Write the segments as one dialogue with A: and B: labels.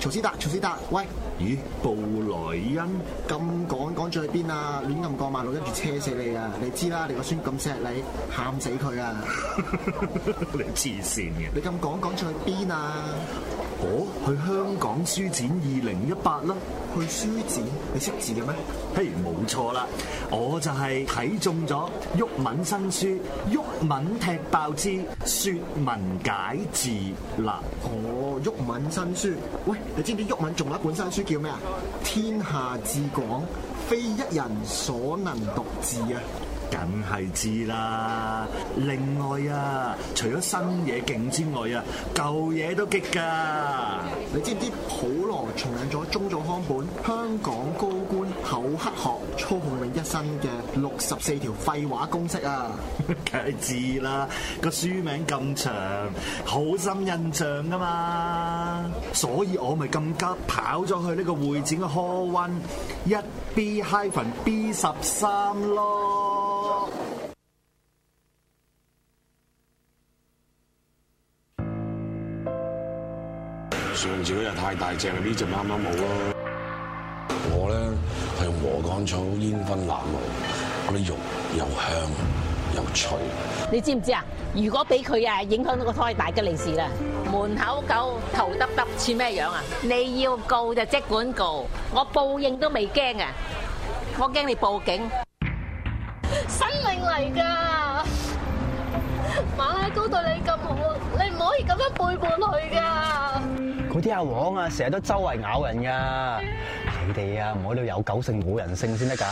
A: 曹斯達，曹斯達，喂！咦，布萊恩，咁趕趕咗去邊啊？亂咁過馬路，跟住車死你啊！你知啦，你個孫咁錫你，喊死佢啊！ 你黐線嘅！你咁趕趕咗去邊啊？我去香港書展二零一八啦。去書展？你識字嘅咩？譬如冇錯啦，我就係睇中咗毓民新書《毓民踢爆之說文解字》嗱，哦，毓民新書，喂，你知唔知毓民仲有一本新書叫咩啊？《天下至廣，非一人所能獨治啊！梗係知啦！另外啊，除咗新嘢勁之外啊，舊嘢都激㗎。 你知唔知普羅重咗中咗康本香港高官？口黑學操控你一生嘅六十四條廢話公式啊！梗 係知啦，個書名咁長，好深印象㗎嘛，所以我咪咁急跑咗去呢個會展嘅 Hall One 一 B hyphen B 十三咯。上次嗰隻太大隻，呢隻啱啱冇咯。我咧係用禾稈草煙熏臘肉，嗰啲肉又香又
B: 脆。你知唔知啊？如果俾佢啊，影響到個胎大吉利是啦。門口狗頭耷耷似咩樣啊？你要告就即管告，我報應都未驚啊！我驚你報警。生命嚟噶，馬拉高對你咁好，你唔可以咁樣背叛佢噶。
A: 嗰啲阿黃啊，成日都周圍咬人噶。你哋啊，唔好到有狗性冇人性先得噶。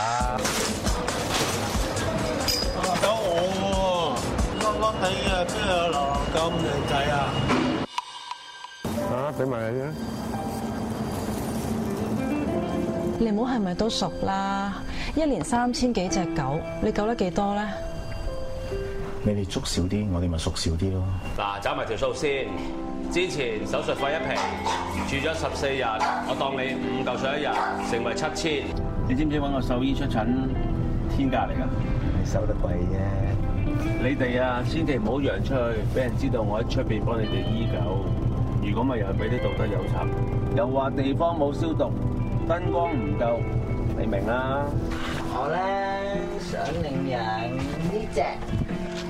A: 有我㗎喎，笠笠地啊，即係啦，咁靚仔啊，啊，俾埋你啦。
B: 你唔好係咪都熟啦？一年三千幾隻狗，你狗得幾多咧？
A: 你哋捉少啲，我哋咪熟少啲咯。嗱，走埋條數先。之前手術費一平，住咗十四日，我當你五舊水一日，成為七千。你知唔知揾個獸醫出診？天價嚟㗎，你收得貴啫。你哋啊，千祈唔好揚出去，俾人知道我喺出邊幫你哋醫狗。如果咪又俾啲道德友插，又話地方冇消毒，燈光唔夠，你明啦。我咧想領養呢隻。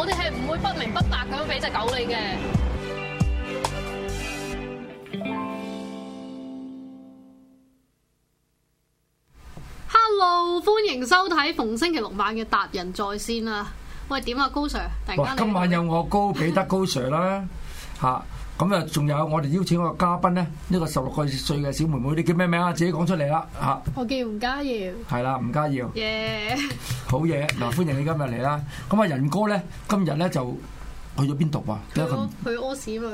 B: 我哋係唔會不明不白咁樣俾隻狗你嘅。Hello，歡迎收睇逢星期六晚嘅達仁在線啊！喂，點啊，高 Sir，突然間你。今晚
C: 有我高彼得高 Sir 啦，吓。 咁啊，仲有我哋邀請一個嘉賓咧，一、呢個十六個月歲嘅小妹妹，你叫咩名啊？自己講出嚟啦，嚇！
D: 我叫的吳家瑤。
C: 係啦 Yeah.，吳家瑤。
D: 耶！
C: 好嘢，嗱，歡迎你今日嚟啦。咁啊，仁哥咧今日咧就去咗邊度啊？去屙屎佢。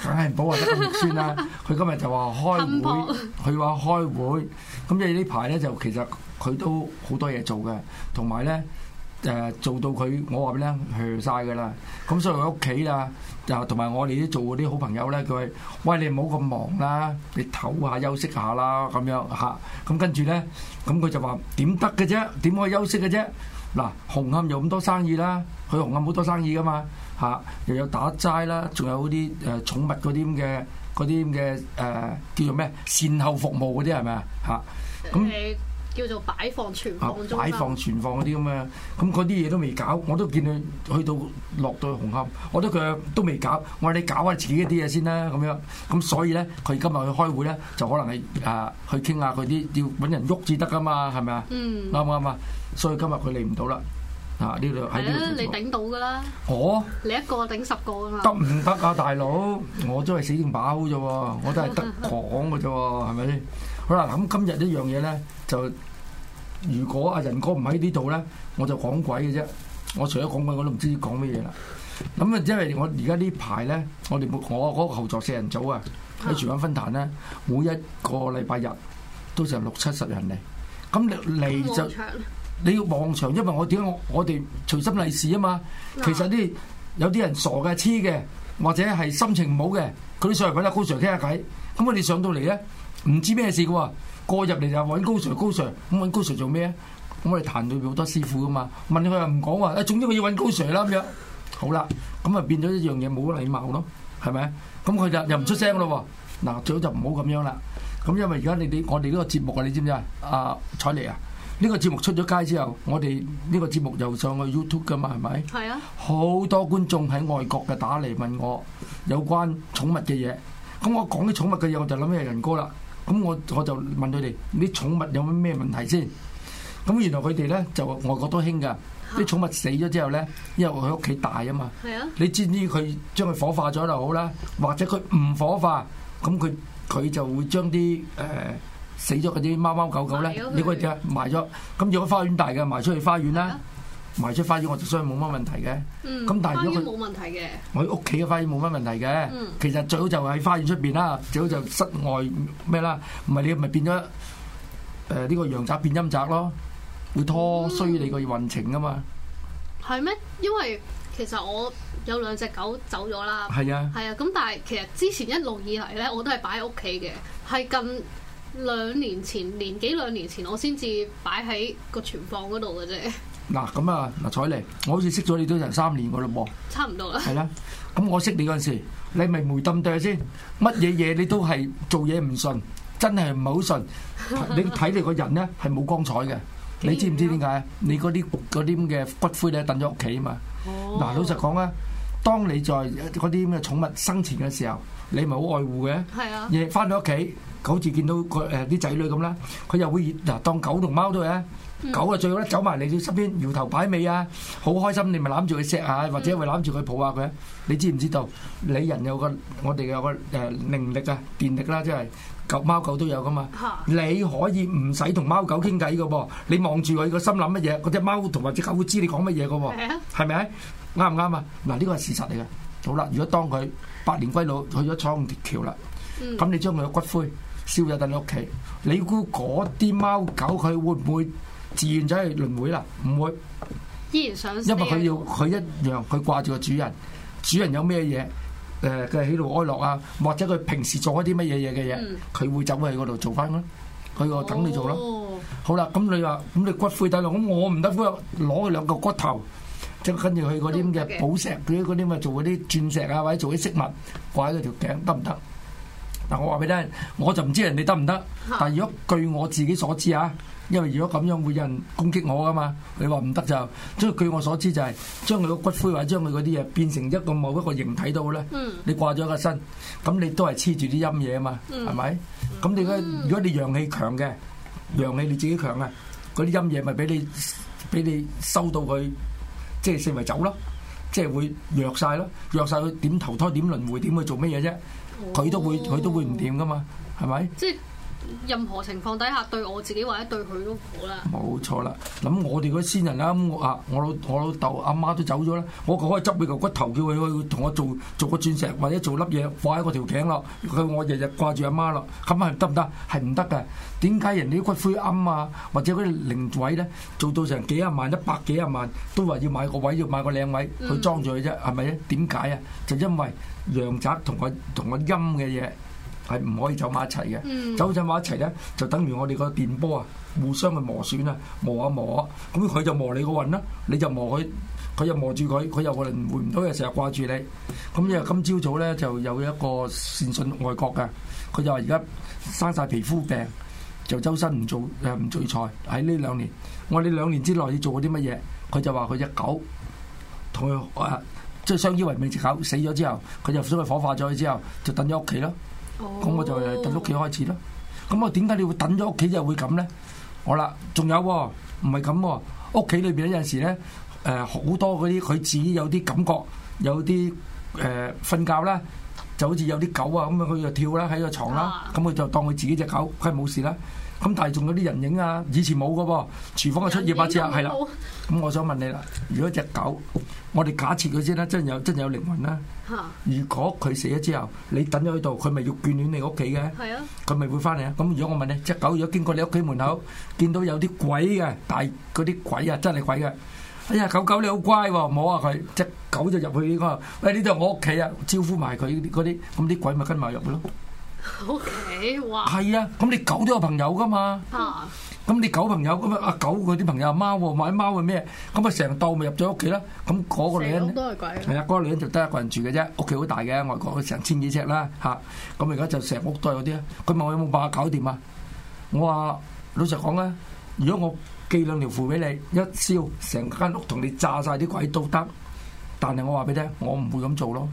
C: 梗係，唔好話得咁酸啦。佢今日就話開會，佢話 開會。咁即呢排咧就其實佢都好多嘢做嘅，同埋咧。誒做到佢，我話俾你聽，去晒㗎啦。咁所以佢屋企啦，就同埋我哋啲做嗰啲好朋友咧，佢喂你唔好咁忙啦，你唞下休息下啦，咁樣嚇。咁、啊、跟住咧，咁佢就話點得嘅啫？點可，可以休息嘅啫？嗱、啊，紅磡又咁多生意啦，佢紅磡好多生意噶嘛嚇、啊，又有打齋啦，仲有啲誒寵物嗰啲咁嘅嗰啲咁嘅誒叫做咩？善後服務嗰啲係咪啊嚇？咁、啊。
B: 叫做擺放
C: 存放，擺放存放嗰啲咁嘅，咁嗰啲嘢都未搞，我都見佢去到落到去紅磡，我都佢都未搞，我話你搞下自己啲嘢先啦，咁樣，咁所以咧，佢今日去開會咧，就可能係啊去傾下佢啲要搵人喐至得噶嘛，係咪啊？嗯，啱唔啱啊？所以今日佢嚟唔到啦。啊，呢度係。係啊，你頂到㗎啦！哦你一個頂十個㗎嘛？得唔得啊，大佬？我都係死剩把口啫，我都係得講㗎啫，係咪先？好啦，咁今日呢樣嘢咧，就如果阿仁哥唔喺呢度咧，我就講鬼嘅啫。我除咗講鬼，我都唔知講乜嘢啦。咁啊，因為我而家呢排咧，我哋我嗰個後座四人組啊，喺荃灣分壇咧，每一個禮拜日都成六七十人嚟。咁嚟就你要望場，因為我點解我我哋隨心利是啊嘛。其實咧有啲人傻嘅、黐嘅，或者係心情唔好嘅，佢都想嚟搵阿高 Sir 傾下偈。咁我哋上到嚟咧。唔知咩事嘅喎、啊，過入嚟就揾高 Sir 高 Sir，咁揾高 Sir 做咩啊？咁我哋彈到好多師傅噶嘛，問佢又唔講喎，啊、哎、總之佢要揾高 Sir 啦咁樣，好啦，咁啊變咗一樣嘢冇禮貌咯，係咪？咁佢就又唔出聲咯喎，嗱最好就唔好咁樣啦。咁因為而家你哋我哋呢個節目啊，你知唔知啊？阿采妮啊，呢、呢個節目出咗街之後，我哋呢個節目又上去 YouTube 嘅嘛，係咪？係啊，好多觀眾喺外國嘅打嚟問我有關寵物嘅嘢，咁我講啲寵物嘅嘢我就諗起人哥啦。咁我我就問佢哋啲寵物有咩問題先？咁原來佢哋咧就外國都興㗎，啲、啊、寵物死咗之後咧，因為佢屋企大啊嘛，啊你知唔知佢將佢火化咗就好啦，或者佢唔火化，咁佢佢就會將啲誒、呃、死咗嗰啲貓貓狗狗咧，你嗰隻埋咗，咁如果花園大嘅，埋出去花園啦。埋出花園，我就所以冇乜問題嘅。嗯，
B: 咁但係花園冇問題嘅，
C: 我屋企嘅花園冇乜問題嘅。嗯，其實最好就喺花園出邊啦，最好就室外咩啦？唔係你咪變咗誒呢個陽宅變陰宅咯，會拖衰你個運程噶嘛？
B: 係咩？因為其實我有兩隻狗走咗啦。係啊。係啊，咁但係其實之前一路以嚟咧，我都係擺喺屋企嘅，係近兩年前、年幾兩年前，我先至擺喺個存放嗰度嘅啫。
C: 嗱咁啊，嗱采妮，我好似識咗你都成三年噶啦噃，
B: 差唔多啦。係啦，
C: 咁我識你嗰陣時，你咪梅冧掉先，乜嘢嘢你都係做嘢唔順，真係唔係好順。你睇你個人咧係冇光彩嘅。你知唔知點解啊？你嗰啲嗰啲咁嘅骨灰你係抌咗屋企啊嘛。嗱老實講啊，當你在嗰啲咁嘅寵物生前嘅時候，你咪好愛護嘅。係啊。夜翻到屋企，好似見到佢誒啲仔女咁啦，佢又會熱。嗱，當狗同貓都係啊。狗啊，最好咧，走埋嚟你身邊，搖頭擺尾啊，好開心。你咪攬住佢錫下，或者咪攬住佢抱下佢。你知唔知道？你人有個我哋有個誒靈力啊，電力啦，即係狗、貓、狗都有噶嘛。你可以唔使同貓狗傾偈噶噃，你望住佢個心諗乜嘢，嗰隻貓同埋隻狗會知你講乜嘢噶喎？係啊，係咪？啱唔啱啊？嗱，呢個係事實嚟嘅。好啦，如果當佢百年歸老去咗彩虹橋啦，咁你將佢嘅骨灰燒咗喺你屋企，你估嗰啲貓狗佢會唔會？自願仔係輪迴啦，唔會依
D: 然上，因為佢要
C: 佢一樣，佢掛住個主人，主人有咩嘢佢嘅喜怒哀樂啊，或者佢平時做一啲乜嘢嘢嘅嘢，佢、嗯、會走去嗰度做翻咯。佢話等你做咯。哦、好啦，咁你話咁你骨灰帶落，咁我唔得，攞佢兩嚿骨頭，即跟住去嗰啲嘅寶石，嗰啲嗰咪做嗰啲鑽石啊，或者做啲飾物掛喺條頸得唔得？嗱，我話俾你聽，我就唔知人哋得唔得。但係如果據我自己所知啊。因為如果咁樣會有人攻擊我啊嘛，你話唔得就，即係據我所知就係、是、將佢個骨灰或者將佢嗰啲嘢變成一個某一個形體到咧，嗯、你掛咗個身，咁你都係黐住啲陰嘢啊嘛，係咪、嗯？咁你咧，嗯、如果你陽氣強嘅，陽氣你自己強啊，嗰啲陰嘢咪俾你俾你收到佢，即、就、係、是、四為走咯，即、就、係、是、會弱晒咯，弱晒佢點投胎點輪迴點去做乜嘢啫？
B: 佢都會佢都會
C: 唔掂噶嘛，係咪？即係、嗯。任何情況底下對我自己或者對佢都好啦。冇錯啦，咁我哋嗰啲先人啦，咁啊，我老我老豆阿媽都走咗啦，我就可以執佢嚿骨頭，叫佢去同我做做個鑽石或者做粒嘢放喺我條頸咯。佢我日日掛住阿媽咯，咁係得唔得？係唔得㗎。點解人哋啲骨灰庵啊，或者嗰啲靈位咧，做到成幾十萬、一百幾十萬，都話要買個位，要買個靚位去裝住佢啫，係咪咧？點解啊？就因為陽宅同個同個陰嘅嘢。係唔可以走埋一齊嘅，嗯、走埋一齊咧，就等於我哋個電波啊，互相嘅磨損啊，磨啊磨啊，咁佢就磨你個運啦，你就磨佢，佢又磨住佢，佢又可能回唔到，又成日掛住你。咁又今朝早咧就有一個善信外國嘅，佢就話而家生晒皮膚病，就周身唔做，誒唔聚財喺呢兩年。我話你兩年之內要做過啲乜嘢？佢就話佢隻狗，同佢誒即係相依為命隻狗死咗之後，佢就將佢火化咗之後，就等咗屋企咯。咁、哦、我就等屋企開始咯。咁我點解你等會等咗屋企又會咁咧？好啦，仲有喎、哦，唔係咁喎。屋企裏邊有陣時咧，誒、呃、好多嗰啲佢自己有啲感覺，有啲誒瞓覺啦，就好似有啲狗啊咁啊，佢就跳啦喺個床啦，咁佢、啊、就當佢自己隻狗，佢係冇事啦。咁但係仲有啲人影啊，以前冇噶喎，廚房嘅出業啊，之後係啦。咁我想問你啦，如果隻狗，我哋假設佢先啦，真有真有靈魂啦、啊。如果佢死咗之後，你等咗喺度，佢咪欲眷戀你屋企嘅？係是啊，佢咪會翻嚟啊！咁如果我問你，隻狗如果經過你屋企門口，見到有啲鬼嘅，大嗰啲鬼啊，真係鬼嘅，哎呀，狗狗你好乖喎、哦，摸下佢，隻狗就入去呢個，喂，呢度我屋企啊，招呼埋佢嗰啲，咁啲鬼咪跟埋入咯。
B: O K，哇！係
C: Okay ,、wow, 啊，咁你狗都有朋友噶嘛？啊！咁你狗朋友咁啊，阿狗佢啲朋友阿貓喎，買貓嘅咩？咁啊，成斗咪入咗屋企啦。咁嗰個女人，成
D: 棟都係鬼。係
C: 啊，嗰個女人就得一個人住嘅啫，屋企好大嘅，外國成千幾尺啦，吓，啊。咁而家就成屋都係啲啊，佢問我有冇辦法搞掂啊？我話老實講啦，如果我寄兩條符俾你，一燒成間屋同你炸晒啲鬼都得。但係我話俾你聽，我唔會咁做咯，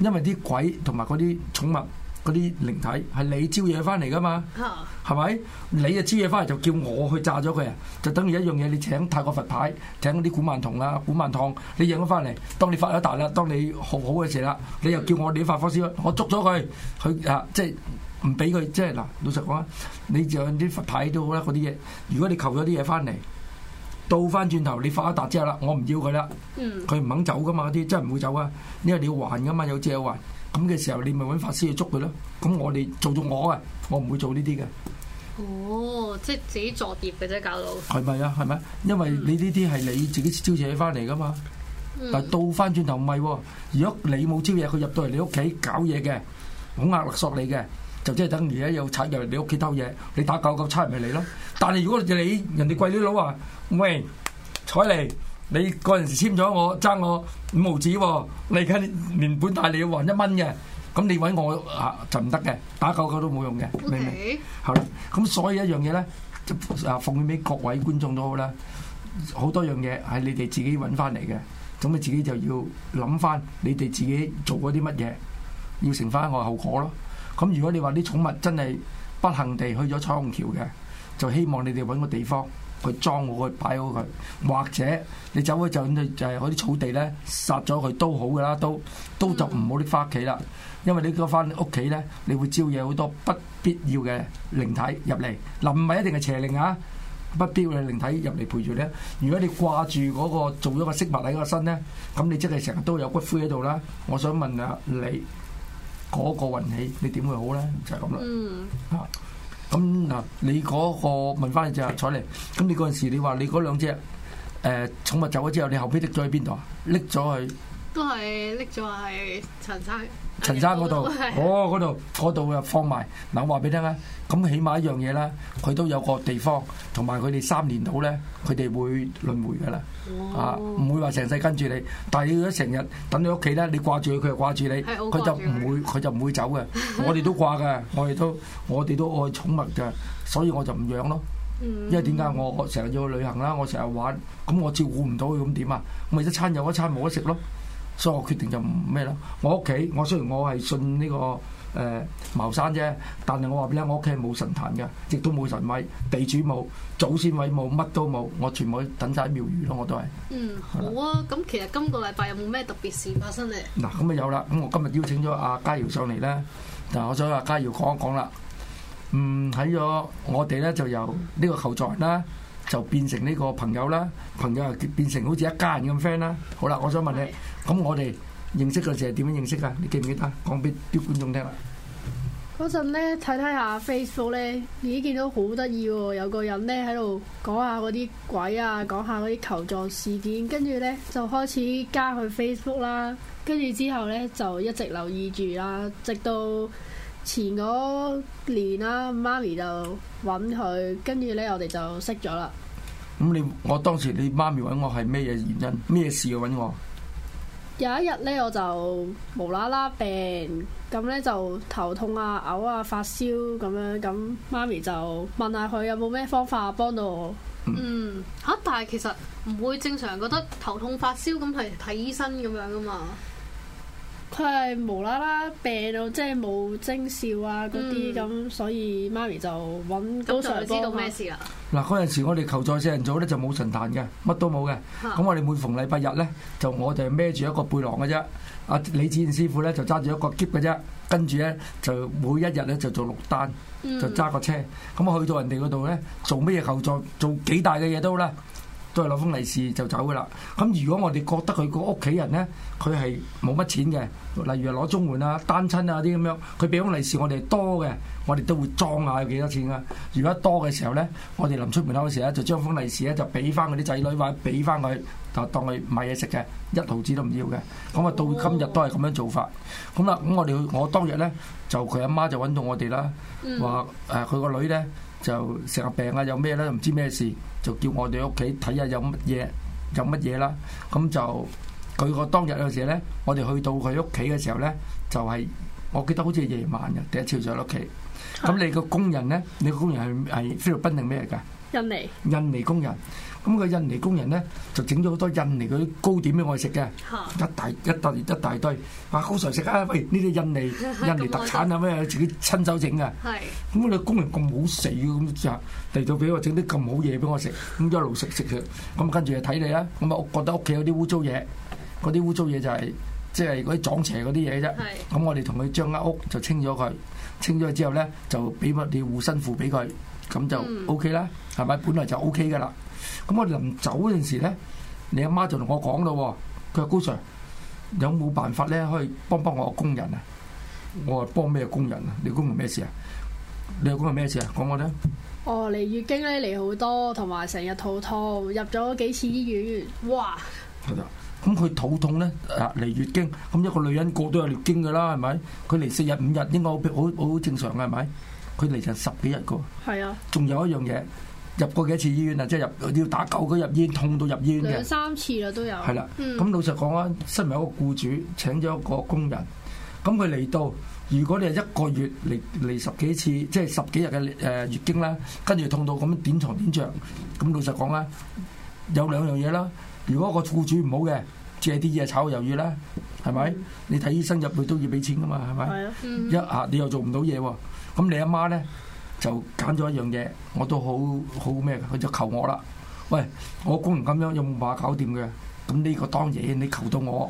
C: 因為啲鬼同埋嗰啲寵物。嗰啲靈體係你招惹翻嚟噶嘛？係咪？oh？你啊招惹翻嚟就叫我去炸咗佢啊。就等於一樣嘢，你請泰國佛牌，請嗰啲古曼童啊、古曼童，你引咗翻嚟，當你發咗達啦，當你學好嘅時候啦，你又叫我哋啲法科師，我捉咗佢，佢啊即係唔俾佢，即係嗱，老實講，你用啲佛牌都好啦，嗰啲嘢，如果你求咗啲嘢翻嚟，到翻轉頭你發咗達之後啦，我唔要佢啦，佢唔肯走噶嘛，啲真係唔會走啊，因為你要還噶嘛，有借有還。咁嘅時候你咪揾法師去捉佢咯。咁我哋做做我啊，我唔會做呢啲嘅。哦，
B: 即係自己作孽
C: 嘅啫，搞到。係咪啊？係咪？因為你呢啲係你自己招惹翻嚟噶嘛。但係倒翻轉頭唔係，如果你冇招惹佢入到嚟你屋企搞嘢嘅，恐嚇勒索你嘅，就即係等而家有賊入嚟你屋企偷嘢，你打九九九差人咪嚟咯。但係如果你人哋貴女佬話喂，彩嚟。你嗰陣時簽咗，我爭我五毫紙喎，你而家連本帶你還一蚊嘅，咁你揾我啊就唔得嘅，打九九都冇用嘅，Okay. 明唔明？好啦，咁所以一樣嘢咧，就啊奉獻俾各位觀眾都好啦，好多樣嘢係你哋自己揾翻嚟嘅，咁你自己就要諗翻你哋自己做過啲乜嘢，要承翻個後果咯。咁如果你話啲寵物真係不幸地去咗彩虹橋嘅，就希望你哋揾個地方。佢裝好佢擺好佢，或者你走去就咁就就係嗰啲草地咧，殺咗佢都好噶啦，都都就唔好搦翻屋企啦。因為你搦翻屋企咧，你會招惹好多不必要嘅靈體入嚟。嗱，唔係一定係邪靈啊，不必要嘅靈體入嚟陪住咧。如果你掛住嗰個做咗個飾物喺個身咧，咁你即係成日都有骨灰喺度啦。我想問下，你嗰個運氣你點會好咧？就係咁啦。嗯。啊。咁嗱，那你嗰個問翻隻彩玲，咁是你嗰陣時你話你嗰兩隻，呃、寵物走咗之後，你後尾拎咗去邊度啊？拎咗去。
B: 都係拎
C: 咗係陳生，陳生嗰度，哦，嗰度嗰度又放埋嗱，我話俾你聽啦，咁起碼一樣嘢啦，佢都有個地方，同埋佢哋三年到咧，佢哋會輪迴噶啦，啊，唔會話成世跟住你，但係你如果成日等你屋企咧，你掛住佢，佢又掛住你，佢就唔會佢就唔會走嘅。我哋都掛㗎，我哋都我哋都愛寵物㗎，所以我就唔養咯，因為點解我成日要去旅行啦，我成日玩，咁我照顧唔到佢，咁點啊？咪一餐又一餐冇得食咯。所以我決定就唔咩咯。我屋企我雖然我係信呢個誒茅山啫，但係我話俾你聽，我屋企冇神壇嘅，亦都冇神位，地主冇，祖先位冇，乜都冇，我全部等曬廟宇咯，我都係。嗯，好啊。咁其實
B: 今個禮拜有冇咩特別
C: 事發生咧？嗱，咁啊有啦。咁我今日邀請咗阿家瑤上嚟咧。嗱，我想阿家瑤講一講啦。嗯，喺咗我哋咧就由呢個求助人啦。就變成呢個朋友啦，朋友又變成好似一家人咁 friend 啦。好啦，我想問你，咁的我哋認識嗰時係點樣認識噶？你記唔記得？講俾啲觀眾聽啦。
D: 嗰陣咧，睇睇下 Facebook 咧，咦，經見到好得意喎，有個人咧喺度講下嗰啲鬼啊，講下嗰啲求助事件，跟住咧就開始加佢 Facebook 啦，跟住之後咧就一直留意住啦，直到，前嗰年啦，媽咪就揾佢，跟住咧我哋就識咗啦。
C: 咁你我當時你媽咪揾我係咩嘢原因？咩事要揾我？有
D: 一日咧，我就無啦啦病，咁咧就頭痛啊、嘔啊、發燒咁樣，咁媽咪就
B: 問下佢有冇咩方法幫到我。嗯，嚇、嗯！但係其實唔會正常，覺得頭痛發燒咁係睇醫生咁樣㗎嘛。佢係無啦啦
D: 病到即係冇徵兆啊嗰啲咁，嗯、
B: 所以媽咪就揾高 Sir、嗯、知道咩事
C: 啦。嗱，嗰陣時，我哋求助四人組咧就冇神壇嘅，乜都冇嘅。咁、嗯、我哋每逢禮拜日咧，就我哋孭住一個背囊嘅啫。阿李子健師傅咧就揸住一個喼嘅啫。跟住咧就每一日咧就做六單，
A: 就揸個
C: 車。咁、嗯、去到人哋嗰度咧，做咩求助，做幾大嘅嘢都好啦。再攞封利是就走噶啦。咁如果我哋覺得佢個屋企人咧，佢係冇乜錢嘅，例如攞綜援啊、單親啊啲咁樣，佢俾封利是我哋多嘅，我哋都會裝下佢幾多錢噶。如果多嘅時候咧，我哋臨出門口嘅時候咧，就將封利是咧就俾翻嗰啲仔女，或者俾翻佢，就當佢買嘢食嘅，一毫子都唔要嘅。咁啊，到今日都係咁樣做法。咁啦、哦，咁我哋去，我當日咧就佢阿媽就揾到我哋啦，話誒佢個女咧。就成日病啊，有咩咧？唔知咩事，就叫我哋屋企睇下有乜嘢，有乜嘢啦。咁就佢個當日有時咧，我哋去到佢屋企嘅時候咧，就係、是，我記得好似夜晚嘅第一朝早喺屋企。咁你個工人咧，你個工人係係菲律賓定咩噶？印尼，印尼、嗯，印尼工人，咁個印尼工人咧就整咗好多印尼嗰啲糕點俾我食嘅、啊，一大一堆一大堆，哇好食食啊！喂呢啲印尼印尼特產啊咩，啊自己親手整是、嗯那個、啊，咁我哋工人咁好死咁咋，嚟到俾我整啲咁好嘢俾我食，咁一路食食著，咁、嗯、跟住就睇你啦，咁啊我覺得屋企有啲污糟嘢，嗰啲污糟嘢就係即係嗰啲撞邪嗰啲嘢啫，咁是我哋同佢將間屋就清咗佢，清咗之後咧就俾乜啲護身符俾佢。咁就 O K 啦，係咪、嗯、本來就 O K 噶啦？咁我臨走嗰陣時咧，你阿媽就同我講咯，佢話高 Sir 有冇辦法咧，可以幫幫我個工人啊？我話幫咩工人啊？你工人咩事啊？你又工人咩事啊？講我聽。
D: 哦，嚟月經咧嚟好多，同埋成日肚痛，入咗幾次醫院，哇！
C: 係啦！咁佢肚痛咧，啊嚟月經，咁一個女人過都有月經噶啦，係咪？佢嚟四日五日應該好好好正常噶，係咪？佢嚟就十幾日個，
D: 係
C: 啊，仲有一樣嘢入過幾次醫院啊，即係入要打救佢入醫院痛到入醫院嘅兩
D: 三次啦，都有係
C: 啦。咁的、嗯、老實講啦，身為一個僱主請咗一個工人，咁佢嚟到，如果你係一個月嚟嚟十幾次，即係十幾日嘅誒月經啦，跟住痛到咁點床點著，咁老實講啦，有兩樣嘢啦。如果個僱主唔好嘅，借啲嘢炒魷魚啦，係咪？嗯、你睇醫生入去都要俾錢㗎嘛，係咪？一啊，你又做唔到嘢喎。咁你阿媽咧就揀咗一樣嘢，我都好好咩？佢就求我啦。喂，我工人咁樣有冇辦法搞掂嘅？咁呢個當然你求到我，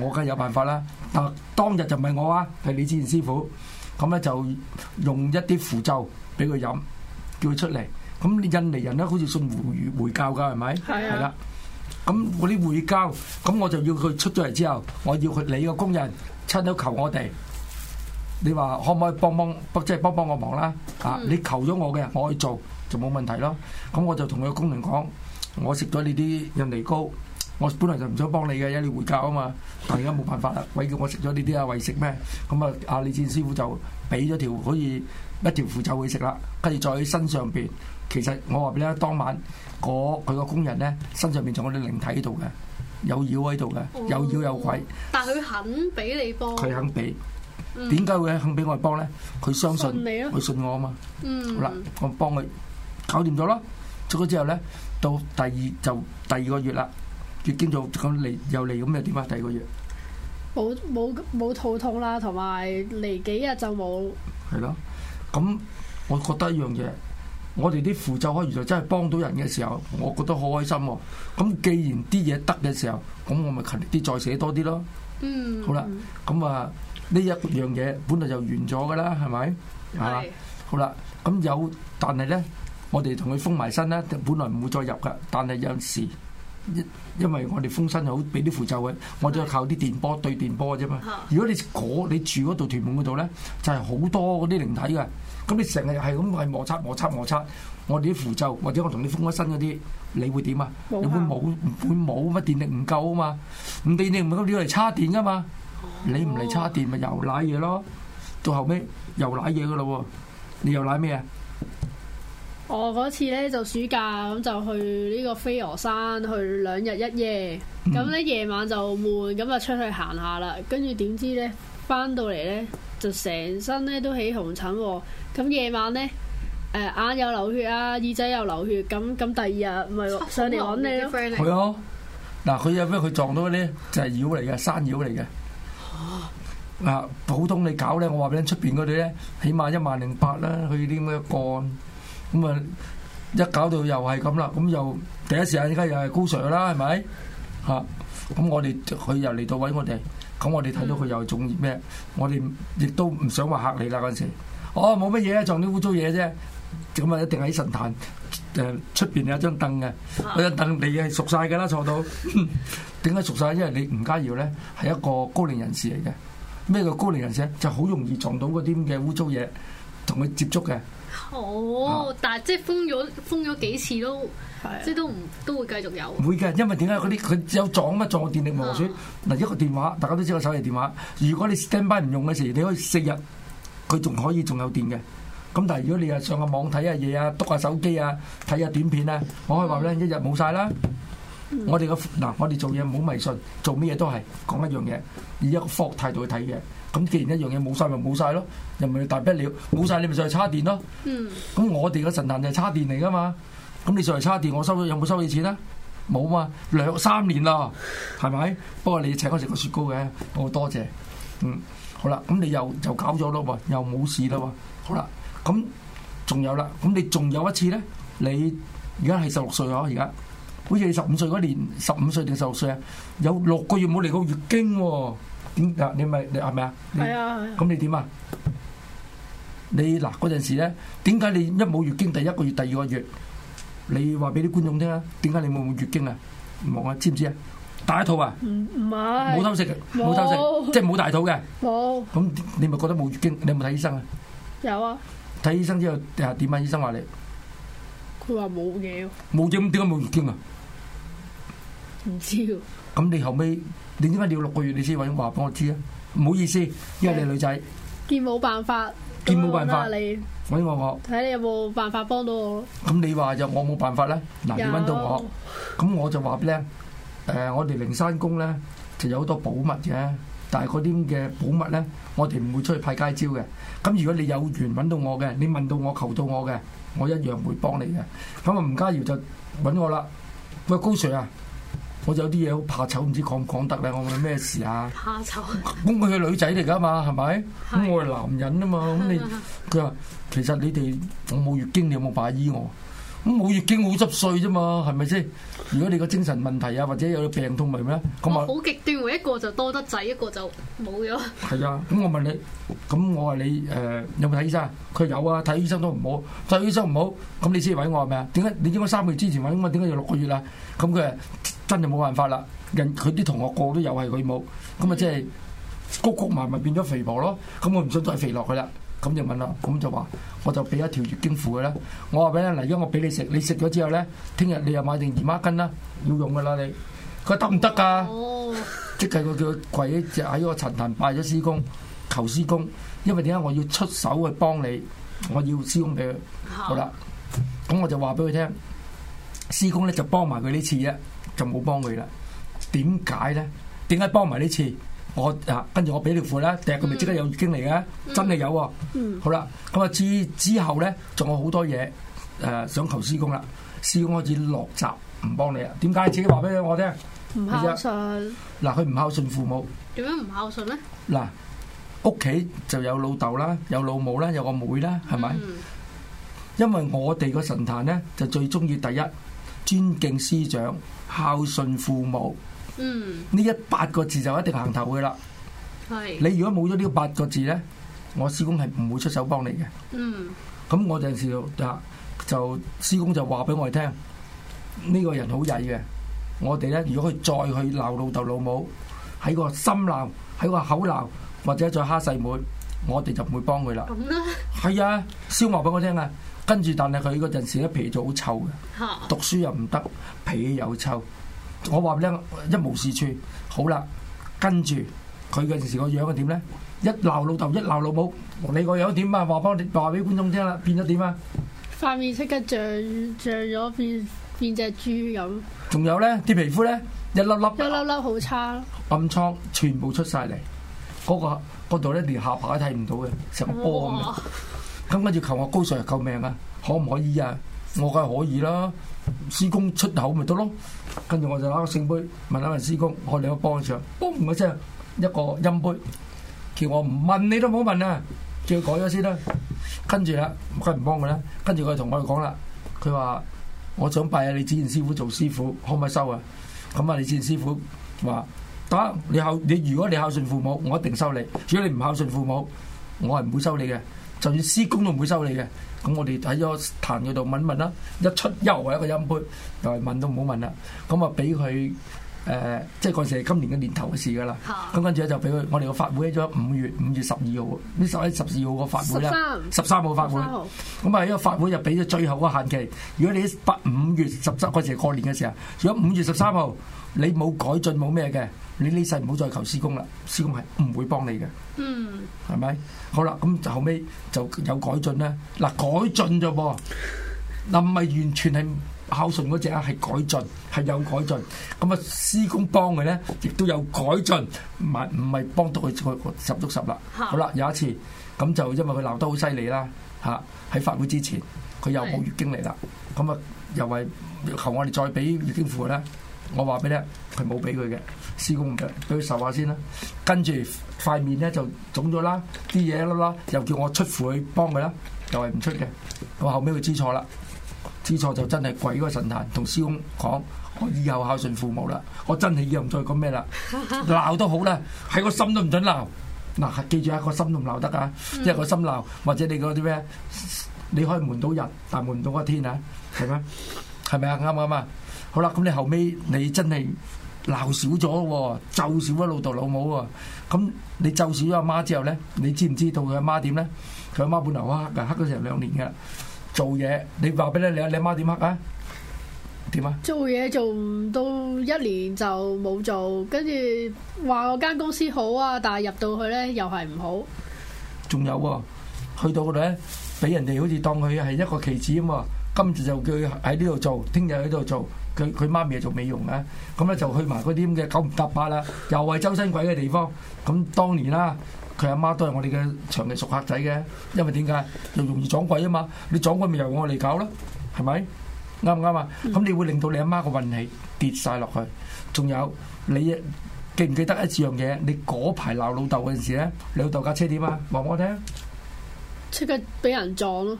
C: 我梗係有辦法啦。但當日就唔係我啊，係李志賢師傅。咁咧就用一啲符咒俾佢飲，叫佢出嚟。咁印尼人咧好似信回回教噶，係咪？係啊。咁嗰啲回教，咁我就要佢出咗嚟之後，我要去你個工人親口求我哋。你話可唔可以幫幫，即係幫幫我忙啦？嚇！你求咗我嘅，我可以做就冇問題咯。咁我就同佢個工人講：我食咗呢啲印尼膏，我本來就唔想幫你嘅，有你回教啊嘛。但而家冇辦法啦，鬼叫我食咗呢啲啊，為食咩？咁啊，阿李善師傅就俾咗條可以一條符咒佢食啦。跟住再喺身上邊，其實我話俾你聽，當晚嗰佢個工人咧身上邊仲有啲靈體喺度嘅，有妖喺度嘅，有妖有鬼。
B: 但係佢肯俾你幫。佢肯
C: 俾。點解會肯俾我幫咧？佢相信佢信，你信我啊嘛。嗯、
D: 好啦，我
C: 幫佢搞掂咗咯。做咗之後咧，到第二就第二個月啦。月經就咁嚟又嚟咁又點啊？第二個月
D: 冇冇冇肚痛啦，同埋嚟幾日就冇。
C: 係咯，咁我覺得一樣嘢，我哋啲輔助開完就真係幫到人嘅時候，我覺得好開心喎、哦。咁既然啲嘢得嘅時候，咁我咪勤力啲再寫多啲咯，嗯。嗯，好啦，咁啊～呢一樣嘢本來就完咗噶啦，係咪？啊是，好啦，咁有，但係咧，我哋同佢封埋身啦，就本來唔會再入噶。但係有陣時，因為我哋封身好，俾啲符咒嘅，是我都要靠啲電波對電波嘅啫嘛。啊、如果你你住嗰度屯門嗰度咧，就係、是、好多嗰啲靈體嘅，咁你成日係咁係摩擦摩擦摩擦，我哋啲符咒或者我同你封咗身嗰啲，你會點啊？會冇會冇乜電力唔夠啊嘛？唔電力唔夠，你嚟叉電噶嘛？你唔嚟叉電咪又瀨嘢咯，到後尾又瀨嘢噶啦。你又瀨咩啊？
D: 我嗰次咧就暑假咁、嗯、就去呢個飛鵝山去兩日一夜，咁咧夜晚就悶咁啊出去行下啦。跟住點知咧翻到嚟咧就成身咧都起紅疹，咁、嗯、夜、嗯、晚咧誒眼又流血啊，耳仔又流血，咁咁第二日唔咪上嚟講你咯，係
C: 啊嗱，佢有咩？佢、嗯、撞到嗰啲就係、係、妖嚟嘅，山妖嚟嘅。啊！普通你搞咧，我話俾你出邊嗰啲咧，起碼一萬零八啦，去啲咁嘅幹，咁啊一搞到又係咁啦，咁又第一時間依家又係高 SIR 啦，係咪？嚇！咁我哋佢又嚟到位我哋，咁我哋睇到佢又中意咩？我哋亦都唔想話嚇你啦嗰陣時，哦冇乜嘢啊，撞啲污糟嘢啫，咁啊一定喺神壇誒出邊有張凳嘅，嗰張凳你係熟晒㗎啦，坐到。 點解熟晒？因為你吳家瑤咧係一個高齡人士嚟嘅，咩叫高齡人士？就好、是、容易撞到嗰啲咁嘅污糟嘢，同佢接觸嘅。哦，
B: 啊、但係即係封咗封咗幾次都，的即係都唔都會繼續有。
C: 會嘅，因為點解嗰啲佢只有撞啊撞電力磨損嗱一個電話，大家都知個手提電話，如果你 stand by 唔用嘅時，你可以四日佢仲可以仲有電嘅。咁但係如果你係上個網睇下嘢啊，篤下手機啊，睇下短片啊，我可以話俾你，一日冇晒啦。我哋嘅嗱，我哋做嘢唔好迷信，做咩嘢都係講一樣嘢，以一個科學態度去睇嘅。咁既然一樣嘢冇晒，咪冇晒咯，又咪大不了，冇晒你咪上去叉電咯。嗯，咁我哋嘅神壇就係叉電嚟噶嘛。咁你上嚟叉電，我收咗有冇收你錢啊？冇嘛，兩三年啦，係咪？不過你請我食個雪糕嘅，我多謝。嗯，好啦，咁你又又搞咗咯喎，又冇事啦喎。好啦，咁仲有啦，咁你仲有一次咧？你而家係十六歲嗬，而家。好似你十五歲嗰年，十五歲定十六歲啊，有六個月冇嚟過月經喎？點啊？你咪係咪啊？
D: 係啊。咁
C: 你點啊？你嗱嗰陣時咧，點解你一冇月經？第一個月、第二個月，你話俾啲觀眾聽啊？點解你冇月經啊？望啊？知唔知啊？大肚啊？唔唔係。
D: 冇偷食嘅，冇偷食，即係冇大肚嘅。冇。
C: 咁你咪覺得冇月經？你有冇睇醫生啊？
D: 有
C: 啊。睇醫生之後，定係點啊？醫生話你？
D: 佢話冇嘢。
C: 冇嘢，咁點解冇月經啊？唔知喎，咁你後尾，你點解要六個月？你先揾話俾我知啊？唔好意思，因為你女仔見
D: 冇辦法，見冇我辦法，你揾我，我睇你有冇辦法幫到
C: 我？咁你話就我冇辦法啦。嗱有，你揾到我，咁我就話咧誒，我哋靈山宮咧就有好多寶物嘅，但係嗰啲嘅寶物咧，我哋唔會出去派街招嘅。咁如果你有緣揾到我嘅，你問到我求到我嘅，我一樣會幫你嘅。咁啊，吳家瑤就揾我啦，喂，高 Sir 啊！我有啲嘢好怕醜，唔知講唔講得咧？我問你咩事啊？怕醜、啊。咁佢係女仔嚟噶嘛，係咪？咁我係男人啊嘛。咁你佢話吧其實你哋我冇月經，你有冇怕醫我？咁冇月經好濕碎啫嘛，係咪先？如果你個精神問題啊，或者有病痛，咪咩？咁啊，好
B: 極端，一個就多得滯，一個
C: 就冇咗。係啊，咁我問你，咁我話你誒、呃、有冇睇醫生？佢有啊，睇醫生都唔好，睇醫生唔好，咁你先揾我係咪啊？點解你應該三個月之前揾我，點解要六個月啦？咁佢。真係冇辦法啦！人佢啲同學個個都有，係佢冇咁啊，即係谷谷埋埋變咗肥婆咯。咁我唔想再肥落去啦，咁就問啦，咁就話我就俾一條月經褲佢啦。我話俾你，嚟咗，我俾你食，你食咗之後咧，聽日你又買定姨媽巾啦，要用噶啦你。佢得唔得噶？行行啊 oh. 即係佢叫佢跪喺只喺個神壇拜咗師公求師公，因為點解我要出手去幫你？我要師公俾佢。好啦，咁我就話俾佢聽，師公咧就幫埋佢呢次啫。就冇幫佢啦。點解咧？點解幫埋呢次？我啊，跟住我俾條褲啦，第日佢咪即刻有月經嚟嘅，真係有。嗯，啊、嗯好啦，咁啊之之後咧，仲有好多嘢，誒、呃，想求師公啦。師公開始落閘，唔幫你啊。點解？自己話俾我聽。唔
B: 孝
C: 順。嗱，佢唔孝順父母。點
B: 樣唔孝順咧？
C: 嗱，屋企就有老豆啦，有老母啦，有個妹啦，係咪？嗯、因為我哋個神壇咧，就最中意第一尊敬尊師長。孝順父母，呢、嗯、一八個字就一定行頭嘅啦。係是你如果冇咗呢八個字咧，我師公係唔會出手幫你嘅。嗯，咁我陣時就就師公就話俾我哋聽，呢、這個人好曳嘅。我哋咧如果佢再去鬧老豆老母，喺個心鬧，喺個口鬧，或者再蝦細妹，妹，我哋就唔會幫佢啦。咁啦，係啊，消話俾我聽啊！跟住，但係佢嗰陣時咧皮就好臭嘅，啊、讀書又唔得，皮又臭。我話咧一無是處，好啦，跟住佢嗰陣時個樣係點咧？一鬧老豆，一鬧老母，你個樣點啊？話翻話俾觀眾聽啦，變咗點啊？塊
D: 面色嘅脹脹咗變變隻豬咁。
C: 仲有咧，啲皮膚咧一粒粒，
D: 一粒粒好差，
C: 暗瘡全部出晒嚟，嗰、嗰個度咧、嗰個嗰個、連下巴都睇唔到嘅，成個波咁。咁跟住求我高 Sir 救命啊！可唔可以啊？我梗係可以啦、啊。師公出口咪得咯。跟住我就攞個聖杯問下問師公，我哋可以幫上？嘣一聲，一個陰杯叫我唔問你都冇問啊！叫佢改咗先啦、啊。跟住啦，佢唔幫佢啦。跟住佢同我哋講啦，佢話我想拜下你子健師傅做師傅，可唔可以收啊？咁啊，你子健師傅話得你孝你,你，如果你孝順父母，我一定收你；如果你唔孝順父母，我係唔會收你嘅。就算師公都唔會收你嘅，咁我哋喺個壇嗰度問一問啦。一出又係一個陰杯，又係問都唔好問啦。咁啊，俾佢。誒、呃，即係嗰時係今年嘅年頭嘅事㗎啦。咁好跟住咧就俾佢，我哋個法會喺咗五月五月十二號。呢十一十二號個法會啦，十三號法會。咁啊，呢日個法會就俾咗最後個限期。如果你喺五月十七嗰時係過年嘅時候，如果五月十三號你冇改進冇咩嘅，你呢世唔好再求施工啦，施工係唔會幫你嘅、嗯。嗯。係咪？好啦，咁就後尾就有改進啦。嗱，改進咗噃，嗱唔係完全係。孝順嗰隻啊，係改進，係有改進。咁啊，師公幫佢咧，亦都有改進，唔係唔係幫到佢十足十啦。啊、好啦，有一次，咁就因為佢鬧得好犀利啦，嚇喺法會之前，佢又冇月經嚟啦。咁啊是，又係求我哋再俾月經符咧，我話俾你，佢冇俾佢嘅，師公唔俾，俾佢受下先啦。跟住塊面咧就腫咗啦，啲嘢粒啦，又叫我出符去幫佢啦，又係唔出嘅。咁我後尾佢知錯啦。知錯就真係跪嗰個神壇，同師公講：我以後孝順父母啦，我真係要唔再講咩啦，鬧都好啦，喺個心都唔准鬧。嗱、啊，記住個一個心都唔鬧得啊，因為個心鬧，或者你嗰啲咩，你可以瞞到人，但瞞唔到個天啊，係咪？係咪啊？啱唔啱啊？好啦，咁你後尾，你真係鬧少咗喎，咒少咗老豆老母喎，咁你咒少咗阿媽，媽之後咧，你知唔知道佢阿媽點咧？佢阿媽本來好黑嘅，黑嗰陣兩年嘅。做嘢，你話俾你你阿你媽點啊？點啊？
D: 做嘢做唔到一年就冇做，跟住話個間公司好啊，但係入到去咧又係唔好。
C: 仲有喎、哦，去到嗰度咧，俾人哋好似當佢係一個棋子咁啊！今次就叫佢喺呢度做，聽日喺度做。佢佢媽咪係做美容啊，咁、嗯、咧就去埋嗰啲咁嘅九唔搭八啦，又係周身鬼嘅地方。咁、嗯、當年啦、啊。佢阿媽都係我哋嘅長期熟客仔嘅，因為點解？又容易撞鬼啊嘛！你撞鬼咪由我嚟搞咯，係咪？啱唔啱啊？咁你會令到你阿媽個運氣跌晒落去。仲有你記唔記得一次樣嘢？你嗰排鬧老豆嗰陣時咧，你老豆架車點啊？話我聽，
D: 即刻俾人撞咯！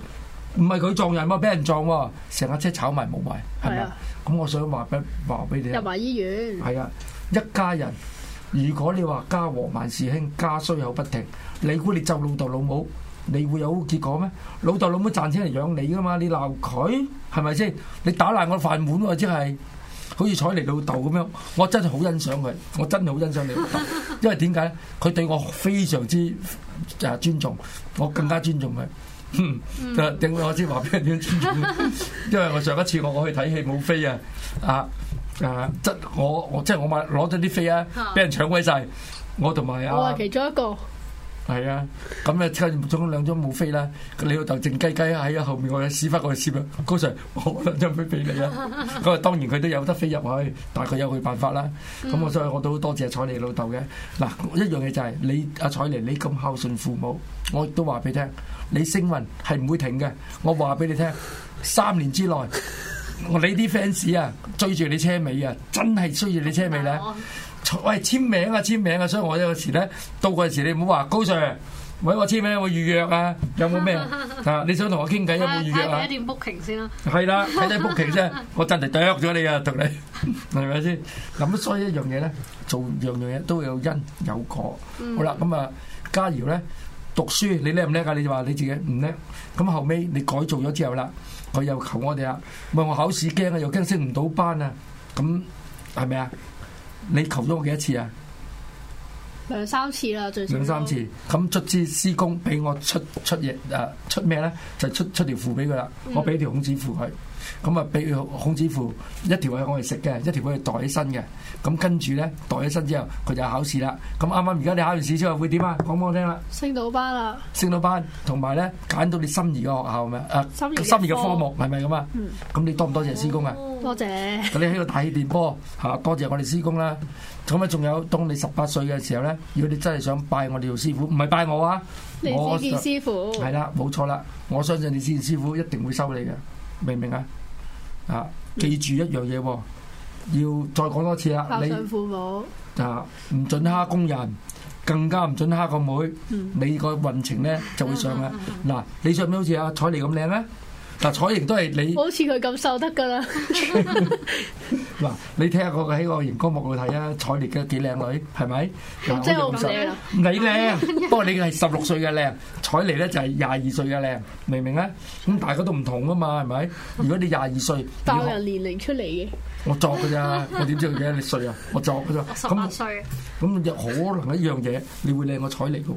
C: 唔係佢撞人喎，俾人撞喎，成架車炒埋冇埋，係咪？咁我想話俾話俾你入
D: 埋醫院。係
C: 啊，一家人。如果你話家和萬事興，家衰口不停，你估你咒老豆老母，你會有結果咩？老豆老母賺錢嚟養你噶嘛？你鬧佢係咪先？你打爛我飯碗啊！即係好似采妮老豆咁樣，我真係好欣賞佢，我真係好欣賞你老豆，因為點解咧？佢對我非常之誒尊重，我更加尊重佢。就正我知話俾人點尊重，因為我上一次我我去睇戲冇飛啊，啊！誒、啊，即係我我即係我買攞咗啲飛啊，俾人搶鬼晒，我同埋啊，我係其中一個，係啊，咁啊，跟住總共兩張冇飛啦。你老豆靜雞雞喺後面，我屎忽我屎忽，高 Sir，好，兩張飛俾你啦。咁啊，當然佢都有得飛入去，但係佢有佢辦法啦。咁我 所以我都多謝采妮老豆嘅。嗱、啊，一樣嘢就係你阿采妮，你咁孝順父母，我都話俾你聽，你星運係唔會停嘅。我話俾你聽，三年之內。 我你啲 fans 啊，追住你車尾啊，真係追住你車尾咧、啊！是喂，簽名啊，簽名啊！所以我有時咧，到嗰陣時你唔好話，高 Sir，喂，我簽名，我預約啊，有冇咩 啊？你想同我傾偈有冇預約啊？睇睇
B: booking
C: 先、啊、啦。係啦，睇睇 booking 先。我真係約咗你啊，同你係咪先？咁 所以一樣嘢咧，做樣樣嘢都會有因有果。 好啦，咁、嗯、 啊，家瑤咧讀書你叻唔叻㗎？你就話你自己唔叻。咁後尾，你改造咗之後啦。佢又求我哋啊，問我考試驚啊，又驚升唔到班啊，咁係咪啊？你求咗我幾多次啊？
D: 兩三次啦，最少。兩三
C: 次，咁卒之施工俾我出出嘢誒，出咩咧啊？就出出條符俾佢啦，我俾條孔子符佢。嗯嗯咁啊，俾孔子父一條佢係我哋食嘅，一條佢袋起身嘅。咁跟住咧，袋起身之後，佢就考試啦。咁啱啱而家你考完試之後會點啊？講俾我聽啦。
D: 升到班啦。
C: 升到班，同埋咧揀到你心儀嘅學校咪啊？呃、心儀嘅科，科目係咪咁啊？咁、嗯嗯、你多唔多謝師公啊？
D: 多、嗯、謝，謝。
C: 你喺度大氣電波吓，多謝我哋師公啦。咁啊，仲有當你十八歲嘅時候咧，如果你真係想拜我哋做師傅，唔係拜我啊，
D: 你師師傅係
C: 啦，冇錯啦。我相信你師師傅一定會收你嘅。明唔明啊？啊！記住一樣嘢、哦，要再講多次啦。孝順父母。啊！唔准蝦工人，更加唔准蝦個妹。嗯、你個運程咧就會上嘅。嗱、 啊，你上邊好似阿彩妮咁靚咧，但、啊、彩妮都係你。好
D: 似佢咁瘦得㗎啦。
C: 嗱，你睇下嗰個喺個熒光幕度睇啊，彩妮嘅幾靚女，係咪？即係我唔理你靚， 不過你係十六歲嘅靚，彩妮咧就係廿二歲嘅靚，明唔明啊？咁大家都唔同啊嘛，係咪？如果你廿二歲，扮、嗯、學人
D: 年齡出嚟嘅，
C: 我作㗎咋？我點知佢幾多？你歲啊？我作㗎咋？十八歲。咁有可能一樣嘢，你會靚過彩妮㗎喎？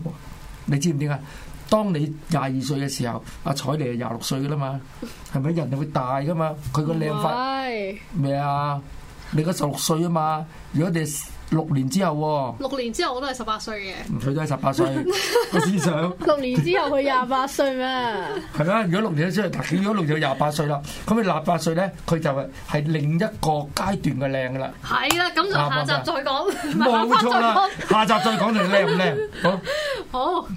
C: 你知唔知啊？當你廿二歲嘅時候，阿彩妮係廿六歲噶啦嘛，係咪人哋會大噶嘛？佢個靚法咩啊？你而家十六歲啊嘛，如果你六年之後喎，六
B: 年
C: 之後我都係十八歲嘅，佢都係十八歲。 個思
D: 想
C: 六年之後佢廿八歲咩？係啊，如果六年之後，如果六年廿八歲啦，咁你廿八歲咧，佢就係另一個階段嘅靚噶啦。係啦， 咁就下集再講，冇錯啦， 沒 下集再講佢靚唔靚。好。 嗯